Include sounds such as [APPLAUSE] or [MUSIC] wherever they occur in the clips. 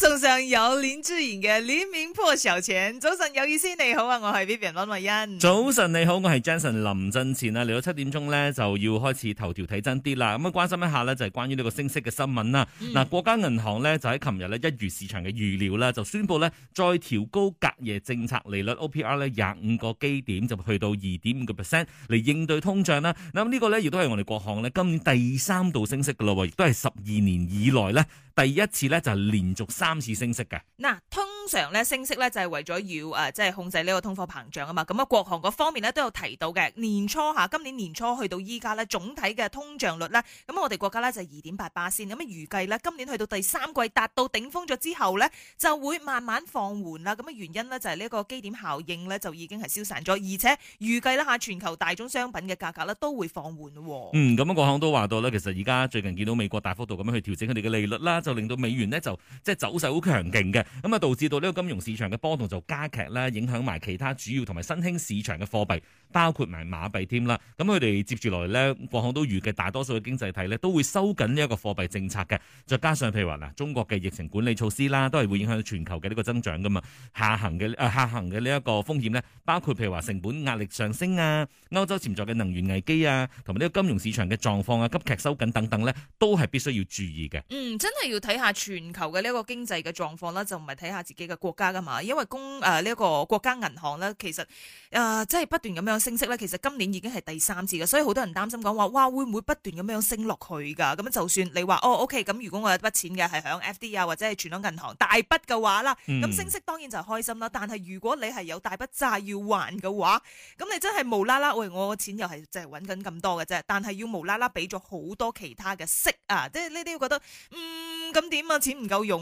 早上有林之言嘅《黎明破曉前》早晨有意思。你好啊，我係 Vivian 林慧欣。早晨你好，我係 Jason 林振前啊。嚟到七點鐘咧，就要開始頭條睇真啲啦。咁啊關心一下咧，就係關於呢個升息嘅新聞啦。嗱、嗯，國家銀行咧就喺琴日咧一如市場嘅預料啦，就宣布咧再調高隔夜政策利率 O P R 咧廿五個基點就去到二點五個 percent 嚟應對通脹啦。咁、這、呢個咧亦都係我哋國行咧今年第三度升息噶咯，亦都係十二年以來咧第一次咧就係連續三。三次升息嘅。通常咧升息咧就係為咗要誒，即係控制呢個通貨膨脹啊嘛，咁啊國行嗰方面咧都有提到嘅，年初吓，今年年初去到依家咧，總體嘅通脹率咧，咁我哋國家咧就係二點八八先，咁啊預計咧今年去到第三季達到頂峰咗之後咧，就會慢慢放緩啦。咁啊原因咧就係呢個基點效應咧就已經係消散咗，而且預計啦吓全球大宗商品嘅價格咧都會放緩。嗯，咁啊國行都話到咧，其實而家最近見到美國大幅度咁樣去調整佢哋嘅利率啦，就令到美元咧就即係走勢好強勁嘅，咁啊導致。到呢個金融市場嘅波動就加劇啦，影響埋其他主要同埋新興市場嘅貨幣，包括埋馬幣添啦。咁佢哋接住嚟呢，國行都預計大多數嘅經濟體呢都會收緊呢一個貨幣政策嘅。再加上譬如話嗱，中國嘅疫情管理措施啦，都係會影響到全球嘅呢個增長噶嘛。下行嘅誒、呃、下行嘅呢一個風險咧，包括譬如話成本壓力上升啊，歐洲潛在嘅能源危機啊，同埋呢個金融市場嘅狀況啊，急劇收緊等等呢，都係必須要注意嘅。嗯，真係要睇下全球嘅呢一個經濟嘅狀況啦，就唔係睇下自己。嘅國家噶嘛，因為公誒呢一個國家銀行咧，其實誒即係不斷咁樣升息咧，其實今年已經係第三次嘅，所以好多人擔心講話，哇會唔會不斷咁樣升落去噶？咁就算你話哦，OK，咁如果我有筆錢嘅係喺 FD 啊，或者係存響銀行大筆嘅話啦，咁升息當然就開心啦。但係如果你係有大筆債要還嘅話，咁你真係無啦啦，喂，我嘅錢又係即係揾緊咁多嘅啫，但係要無啦啦俾咗好多其他嘅息啊，即係呢啲要覺得嗯咁點啊，錢唔夠用。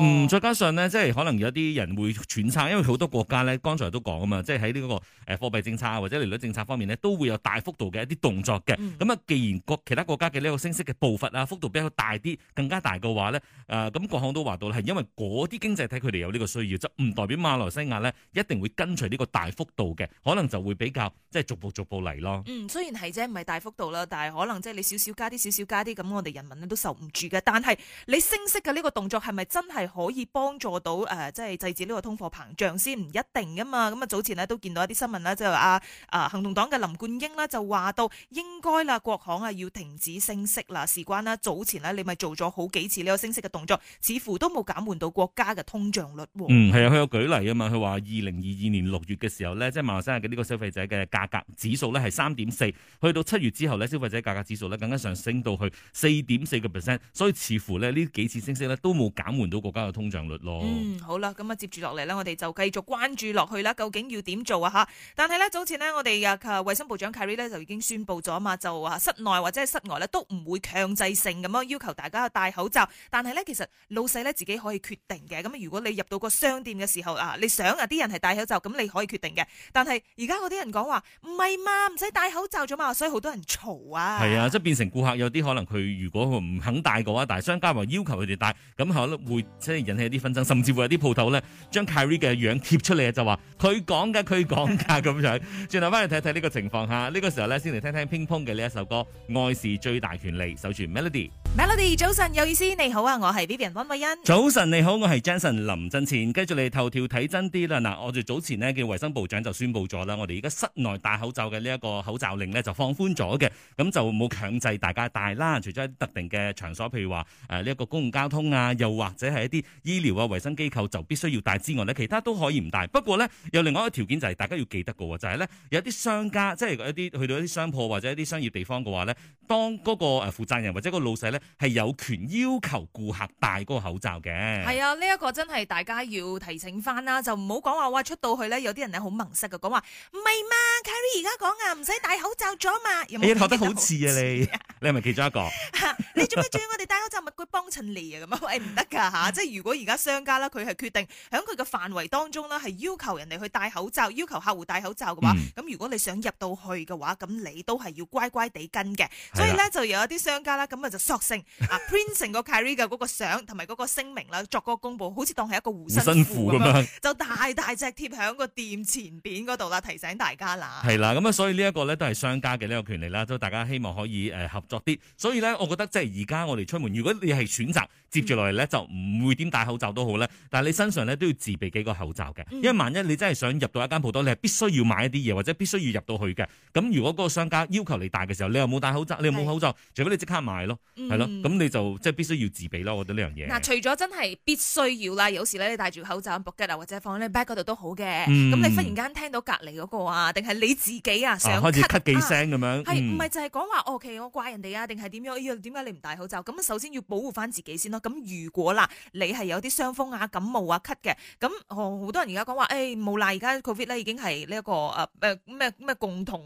嗯，再加上咧，即係可能。有啲人會揣測，因為好多國家咧，剛才都講啊嘛，即係喺呢個誒貨幣政策或者利率政策方面咧，都會有大幅度嘅一啲動作嘅。咁啊、嗯，既然國其他國家嘅呢個升息嘅步伐啊，幅度比較大啲，更加大嘅話咧，誒咁國行都話到咧，係因為嗰啲經濟體佢哋有呢個需要，就唔代表馬來西亞咧一定會跟隨呢個大幅度嘅，可能就會比較即係逐步逐步嚟咯。嗯，雖然係啫，唔係大幅度啦，但係可能即係你少少加啲少少加啲，咁我哋人民都受唔住嘅。但係你升息嘅呢個動作係咪真係可以幫助到誒？呃即係制止呢個通貨膨脹先唔一定㗎嘛，咁啊早前呢都見到一啲新聞啦，即係話啊行動黨嘅林冠英呢就話到應該啦，國行啊要停止升息啦，事關啦早前呢你咪做咗好幾次呢個升息嘅動作，似乎都冇減緩到國家嘅通脹率。嗯，係啊，佢有舉例啊嘛，佢話二零二二年六月嘅時候呢，即係馬來西亞嘅呢個消費者嘅價格指數呢係三點四，去到七月之後呢，消費者嘅價格指數呢更加上升到去四點四個 percent，所以似乎呢呢幾次升息呢都冇減緩到國家嘅通脹率咯。嗯，好。啦，咁啊接住落嚟呢，我哋就繼續關注落去啦。究竟要點做啊？吓，但係呢，早前呢，我哋嘅衛生部長 Kerry 呢就已經宣布咗嘛，就話室內或者係室外呢，都唔會強制性咁樣要求大家戴口罩。但係呢，其實老細呢，自己可以決定嘅。咁如果你入到個商店嘅時候啊，你想啊啲人係戴口罩，咁你可以決定嘅。但係而家嗰啲人講話唔係嘛，唔使戴口罩咋嘛，所以好多人嘈啊。係啊，即係變成顧客有啲可能佢如果唔肯戴嘅話，但係商家話要求佢哋戴，咁可能會即係引起一啲紛爭，甚至會有啲到咧，將 Karry 嘅樣貼出嚟啊！就話佢講嘅佢講嘅咁樣，轉頭翻去睇睇呢個情況嚇。呢個時候呢，先嚟聽聽 Ping Pong 嘅呢一首歌《愛是最大權利》，守住 Melody。Melody，早晨，有意思，你好啊，我係 Vivian 溫慧欣。早晨，你好，我係 Jason 林振前。繼續嚟頭條睇真啲啦。嗱，我哋早前咧嘅衛生部長就宣布咗啦，我哋而家室內戴口罩嘅呢一個口罩令呢就放寬咗嘅，咁就冇強制大家戴啦，除咗特定嘅場所，譬如話誒呢一個公共交通啊，又或者係一啲醫療啊衛生機構就必須要戴之外呢，其他都可以唔戴。不過呢，有另外一個條件就係、是、大家要記得嘅喎，就係、是、呢：有一啲商家即係一啲去到一啲商鋪或者一啲商業地方嘅話呢，當嗰個誒負責人或者個老細呢。係有權要求顧客戴嗰個口罩嘅。係啊，呢、這、一個真係大家要提醒翻啦，就唔好講話哇出到去咧，有啲人咧好盟塞，嘅，講話唔係嘛 Carrie 而家講啊，唔使戴口罩咗嘛。欸、有有你學得好似啊你， [LAUGHS] 你係咪其中一個？啊、你做咩仲要我哋戴口罩？唔佢幫襯你啊，咁、哎、啊喂唔得噶吓， [LAUGHS] 即係如果而家商家啦，佢係決定喺佢嘅範圍當中啦，係要求人哋去戴口罩，要求客戶戴口罩嘅話，咁、嗯、如果你想入到去嘅話，咁你都係要乖乖地跟嘅。所以咧的就有一啲商家啦，咁啊就 s [LAUGHS] 啊，print 成 [MUSIC] 個 Kylie 嗰個相同埋嗰個聲明啦， [LAUGHS] 作嗰個公布，好似當係一個護身，身符咁樣，就大大隻貼響個店前邊嗰度啦，提醒大家啦。係啦，咁啊，所以呢一個咧都係商家嘅呢個權利啦，都大家希望可以誒合作啲。所以咧，我覺得即係而家我哋出門，如果你係選擇接住落嚟咧，就唔會點戴口罩都好咧。嗯、但係你身上咧都要自備幾個口罩嘅，因為萬一你真係想入到一間鋪頭，你係必須要買一啲嘢，或者必須要入到去嘅。咁如果嗰個商家要求你戴嘅時候，你又冇戴口罩，你又冇口罩，除非是你即刻買咯。嗯咁、嗯、你就即係必須要自備咯，我覺得呢樣嘢。嗱、啊，除咗真係必須要啦，有時咧你戴住口罩、布吉啊，或者放喺你 bag 嗰度都好嘅。咁、嗯、你忽然間聽到隔離嗰個啊，定係你自己想咳？啊想咳幾聲咁、啊、樣？係唔係就係講話我怪人哋啊，定係點樣？點點解你唔戴口罩？咁首先要保護翻自己先咯。咁如果啦，你係有啲傷風啊、感冒啊、咳嘅，咁好多人而家講話，誒、哎、冇賴，而家 COVID 已經係呢一個咩咩、呃、共同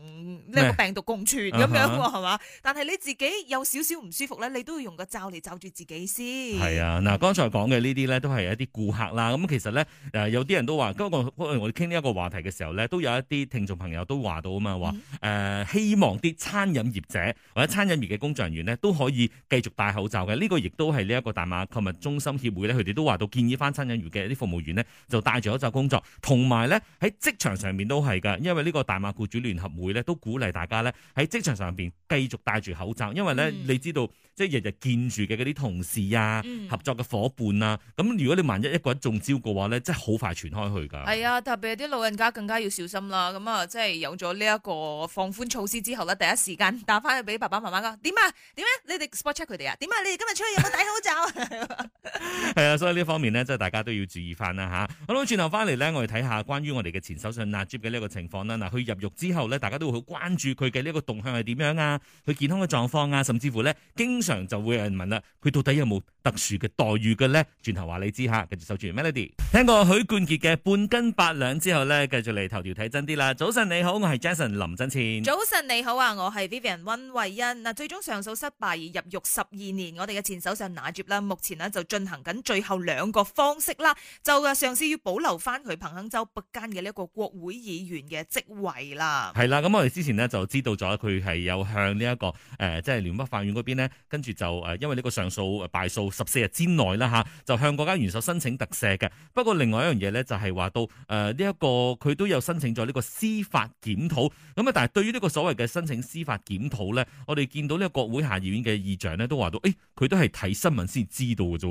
呢、呢個病毒共存咁麼樣喎，係嘛、uh huh.？但係你自己有少少唔舒服咧，你都要用個罩嚟罩住自己先。係啊，嗱，剛才講嘅呢啲咧，都係一啲顧客啦。咁其實咧，誒有啲人都話，不過，我哋傾呢一個話題嘅時候咧，都有一啲聽眾朋友都話到啊嘛，話誒、呃、希望啲餐飲業者或者餐飲業嘅工作人員咧都可以繼續戴口罩嘅。呢、呢個亦都係呢一個大馬購物中心協會咧，佢哋都話到建議翻餐飲業嘅一啲服務員咧，就戴住口罩工作。同埋咧喺職場上面都係㗎，因為呢個大馬僱主聯合會咧都鼓勵大家咧喺職場上邊繼續戴住口罩，因為咧、嗯、你知道即。日日見住嘅嗰啲同事啊，嗯、合作嘅伙伴啊，咁如果你萬一一個人中招嘅話咧，真係好快傳開去㗎。係啊、哎，特別係啲老人家更加要小心啦。咁啊，即係有咗呢一個放寬措施之後咧，第一時間打翻去俾爸爸媽媽㗎。點啊？點樣？你哋 spot check 佢哋啊？點啊？你哋、啊啊、今日出去有冇戴口罩？ [LAUGHS] 所以呢方面呢，即係大家都要注意翻啦，吓。好啦，轉頭翻嚟呢，我哋睇下關於我哋嘅前首相納吉嘅呢個情況啦。嗱，佢入獄之後呢，大家都會好關注佢嘅呢個動向係點樣啊，佢健康嘅狀況啊，甚至乎呢，經常就會有人問啦，佢到底有冇特殊嘅待遇嘅呢？」轉頭話你知吓，繼續守住 Melody。聽過許冠傑嘅《半斤八兩》之後呢，繼續嚟頭條睇真啲啦。早晨你好，我係 Jason 林振前。早晨你好啊，我係 Vivian 溫慧欣。嗱，最終上訴失敗而入獄十二年，我哋嘅前首相納吉啦，目前呢，就進行緊最後後兩個方式啦，就嘅上司要保留翻佢彭亨州北間嘅呢一個國會議員嘅職位啦。係啦，咁我哋之前呢就知道咗佢係有向呢、這、一個、呃、即係聯邦法院嗰邊呢，跟住就、呃、因為呢個上訴敗訴十四日之內啦吓，就向國家元首申請特赦嘅。不過另外一樣嘢咧，就係話到呢一個佢都有申請咗呢個司法檢討咁啊，但係對於呢個所謂嘅申請司法檢討咧，我哋見到呢個國會下議院嘅議長呢，都話到，誒、哎、佢都係睇新聞先知道嘅啫。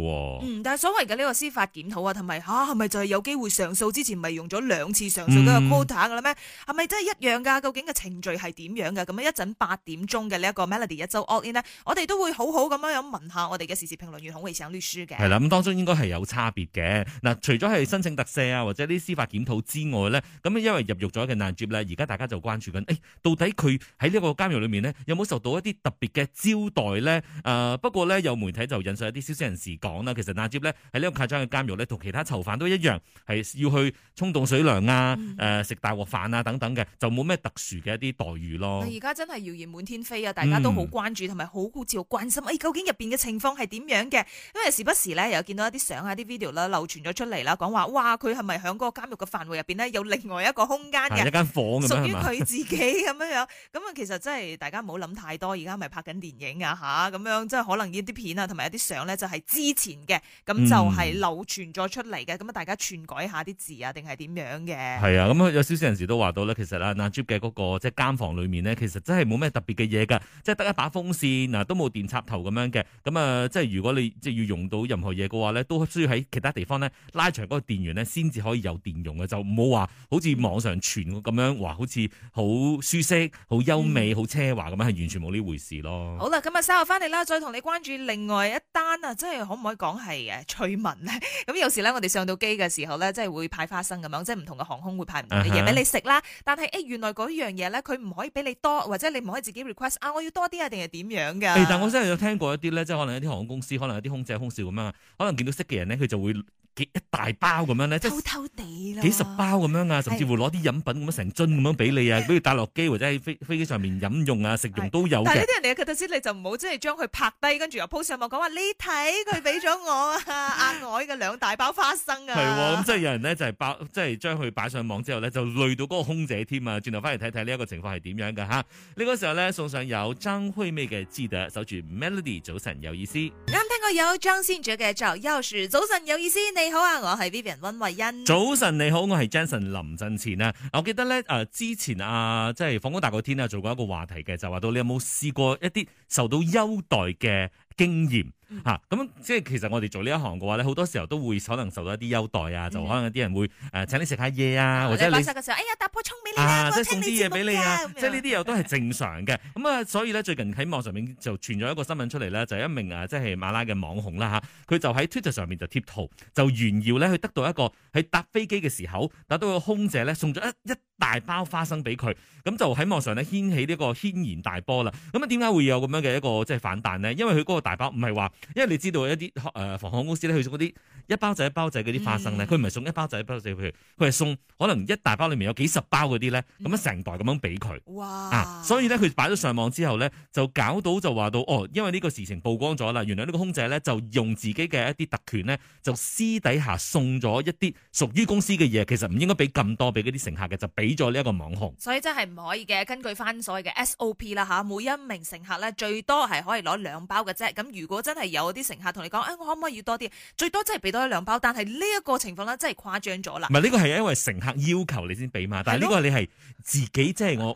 嗯，但係所謂嘅呢個司法檢討啊，同埋嚇係咪就係有機會上訴之前，咪用咗兩次上訴嘅 quota 㗎啦咩？係咪、嗯、真係一樣㗎？究竟嘅程序係點樣嘅？咁一陣八點鐘嘅呢一個 Melody 一周 all in 我哋都會好好咁樣樣問下我哋嘅時事評論員孔維成呢書嘅。係啦、嗯，咁當中應該係有差別嘅。嗱，除咗係申請特赦啊，或者啲司法檢討之外咧，咁因為入獄咗嘅納吉咧，而家大家就關注緊，誒、欸、到底佢喺呢個監獄裏面呢，有冇受到一啲特別嘅招待咧？誒、呃、不過咧有媒體就引述一啲消息人士講啦，其實納吉咧。喺呢個誇張嘅監獄咧，同其他囚犯都一樣，係要去沖凍水涼啊，誒、呃、食大鑊飯啊等等嘅，就冇咩特殊嘅一啲待遇咯。而家真係謠言滿天飛啊！大家都好關注，同埋好照顧關心，誒、哎、究竟入邊嘅情況係點樣嘅？因為時不時咧又見到一啲相啊、啲 video 啦流傳咗出嚟啦，講話哇佢係咪響嗰個監獄嘅範圍入邊呢？有另外一個空間嘅一間房屬於佢自己咁樣 [LAUGHS] 樣。咁啊其實真係大家唔好諗太多，而家咪拍緊電影啊吓咁樣，即係可能呢啲片啊同埋一啲相咧就係之前嘅咁就係流傳咗出嚟嘅，咁啊、嗯、大家篡改下啲字啊，定係點樣嘅？係啊，咁有消息人士都話到咧，其實啦、那個，那住嘅嗰個即係間房裏面咧，其實真係冇咩特別嘅嘢㗎，即係得一把風扇嗱，都冇電插頭咁樣嘅。咁啊，即係如果你即係要用到任何嘢嘅話咧，都需要喺其他地方咧拉長嗰個電源咧，先至可以有電用嘅。就唔好話好似網上傳咁樣話、嗯，好似好舒適、好優美、好奢華咁樣，係完全冇呢回事咯。嗯嗯、好啦，咁啊稍後翻嚟啦，再同你關注另外一單啊，即係可唔可以講係趣聞咧，咁、嗯、有時咧，我哋上到機嘅時候咧，即係會派花生咁樣，即係唔同嘅航空會派唔同嘅嘢俾你食啦。Uh huh. 但係誒，原來嗰樣嘢咧，佢唔可以俾你多，或者你唔可以自己 request 啊，我要多啲啊，定係點樣㗎？誒、欸，但我真係有聽過一啲咧，即係可能一啲航空公司，可能有啲空姐、空少咁樣，可能見到識嘅人咧，佢就會。幾一大包咁樣咧，偷偷地即係幾十包咁樣啊，甚至乎攞啲飲品咁樣成樽咁樣俾你啊，的比如打落機或者喺飛飛機上面飲用啊、 [LAUGHS] 食用都有。但係呢啲人哋嘅特使，你就唔好即係將佢拍低，跟住又 po 上網講話， [LAUGHS] 你睇佢俾咗我 [LAUGHS] 啊，阿外嘅兩大包花生啊。係喎、哦，咁即係有人咧就係、是、擺，即係將佢擺上網之後咧，就累到嗰個空姐添啊！轉頭翻嚟睇睇呢一個情況係點樣嘅吓。呢、這個時候咧送上有張惠妹嘅《記得》，守住 Melody，早晨有意思。啱、嗯、聽過有張信哲嘅《找鑰匙》，早晨有意思。你好啊，我係 Vivian 溫慧欣。早晨，你好，我係 Jason 林振前啊。我記得咧，誒、呃，之前啊，即係放工大過天啊，做過一個話題嘅，就話到你有冇試過一啲受到優待嘅經驗？.吓，咁即係其實我哋做呢一行嘅話咧，好多時候都會可能受到一啲優待啊，就可能有啲人會誒請你食下嘢啊，或者你落嘅時候，哎呀搭波窗俾你啊，即係送啲嘢俾你啊，即係呢啲又都係正常嘅。咁啊，所以咧最近喺網上面就傳咗一個新聞出嚟咧，就一名啊即係馬拉嘅網紅啦吓，佢就喺 Twitter 上面就貼圖，就炫耀咧佢得到一個喺搭飛機嘅時候，得到一個空姐咧送咗一一大包花生俾佢，咁就喺網上咧掀起呢個軒然大波啦。咁啊，點解會有咁樣嘅一個即係反彈呢？因為佢嗰個大包唔係話。因為你知道一啲誒，航、呃、航空公司咧，佢送嗰啲一包仔一包仔嗰啲花生咧，佢唔係送一包仔一包仔，就是，譬如佢係送可能一大包裏面有幾十包嗰啲咧，咁、嗯、樣成袋咁樣俾佢。哇、啊！所以咧佢擺咗上網之後咧，就搞到就話到哦，因為呢個事情曝光咗啦，原來呢個空姐咧就用自己嘅一啲特權咧，就私底下送咗一啲屬於公司嘅嘢，其實唔應該俾咁多俾嗰啲乘客嘅，就俾咗呢一個網紅。所以真係唔可以嘅，根據翻所謂嘅 SOP 啦吓，每一名乘客咧最多係可以攞兩包嘅啫。咁如果真係，有啲乘客同你講，誒，我可唔可以要多啲？最多真係俾多一兩包，但係呢一個情況咧，真係誇張咗啦。唔係呢個係因為乘客要求你先俾嘛，但係呢個你係自己，即係我，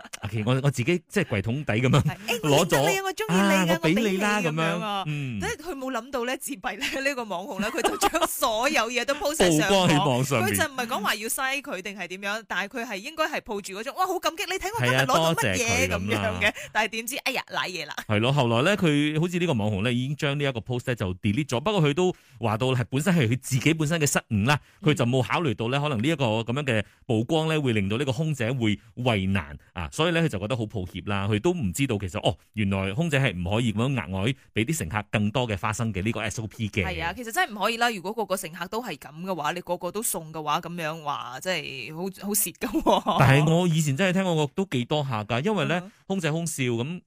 我自己即係櫃桶底咁樣攞咗，我鍾意你，我俾你啦咁樣。嗯，佢冇諗到咧，自閉呢呢個網紅咧，佢就將所有嘢都鋪晒上網。曝光喺網上。佢唔係講話要嘥佢定係點樣，但係佢係應該係抱住嗰種，哇，好感激你睇我攞咗乜嘢咁樣嘅。但係點知，哎呀，賴嘢啦。係咯，後來咧，佢好似呢個網紅咧，已經將呢一個 post 咧就 delete 咗，不過佢都話到係本身係佢自己本身嘅失誤啦，佢就冇考慮到咧，可能呢一個咁樣嘅曝光咧，會令到呢個空姐會為難啊，所以咧佢就覺得好抱歉啦。佢都唔知道其實哦，原來空姐係唔可以咁樣額外俾啲乘客更多嘅花生嘅呢個 SOP 嘅。係啊，其實真係唔可以啦。如果個個乘客都係咁嘅話，你個個都送嘅話，咁樣話真係好好蝕噶。但係我以前真係聽過個都幾多下噶，因為咧空姐空少咁。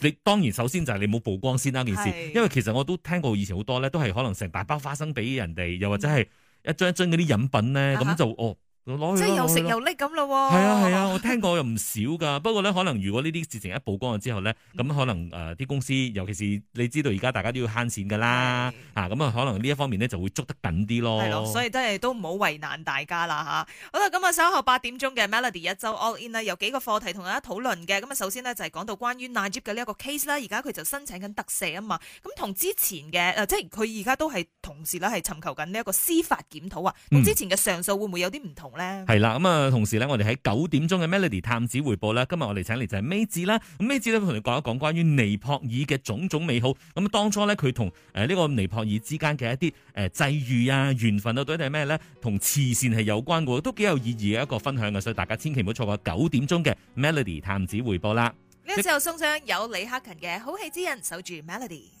你當然首先就係你冇曝光先啦件事，是因為其實我都聽過以前好多咧，都係可能成大包花生俾人哋，又或者係一樽一樽嗰啲飲品咧，咁、嗯、就、uh huh. 哦。即係又食又叻咁咯，係啊係啊，啊是是我聽過又唔少噶。不過咧，可能如果呢啲事情一曝光咗之後咧，咁、嗯、可能誒啲、呃、公司，尤其是你知道而家大家都要慳錢噶啦，吓咁、嗯、啊，可能呢一方面咧就會捉得緊啲咯。係咯，所以真係都唔好為難大家啦吓、啊。好啦，咁、嗯、啊稍後八點鐘嘅 Melody 一周 All In，有幾個課題同大家討論嘅。咁啊，首先呢就係、是、講到關於 Najib 嘅呢一個 case 啦。而家佢就申請緊特赦啊嘛。咁同之前嘅即係佢而家都係同時咧係尋求緊呢一個司法檢討啊。咁之前嘅上訴會唔會有啲唔同？嗯係啦，咁啊，同時咧，我哋喺九點鐘嘅 Melody 探子回報啦。今日我哋請嚟就係美子啦。咁美子咧，同你講一講關於尼泊爾嘅種種美好。咁當初咧，佢同誒呢個尼泊爾之間嘅一啲誒際遇啊、緣分啊，到底係咩咧？同慈善係有關嘅，都幾有意義嘅一個分享啊。所以大家千祈唔好錯過九點鐘嘅 Melody 探子回報啦。呢一次又送上有李克勤嘅好戲之人守，守住 Melody。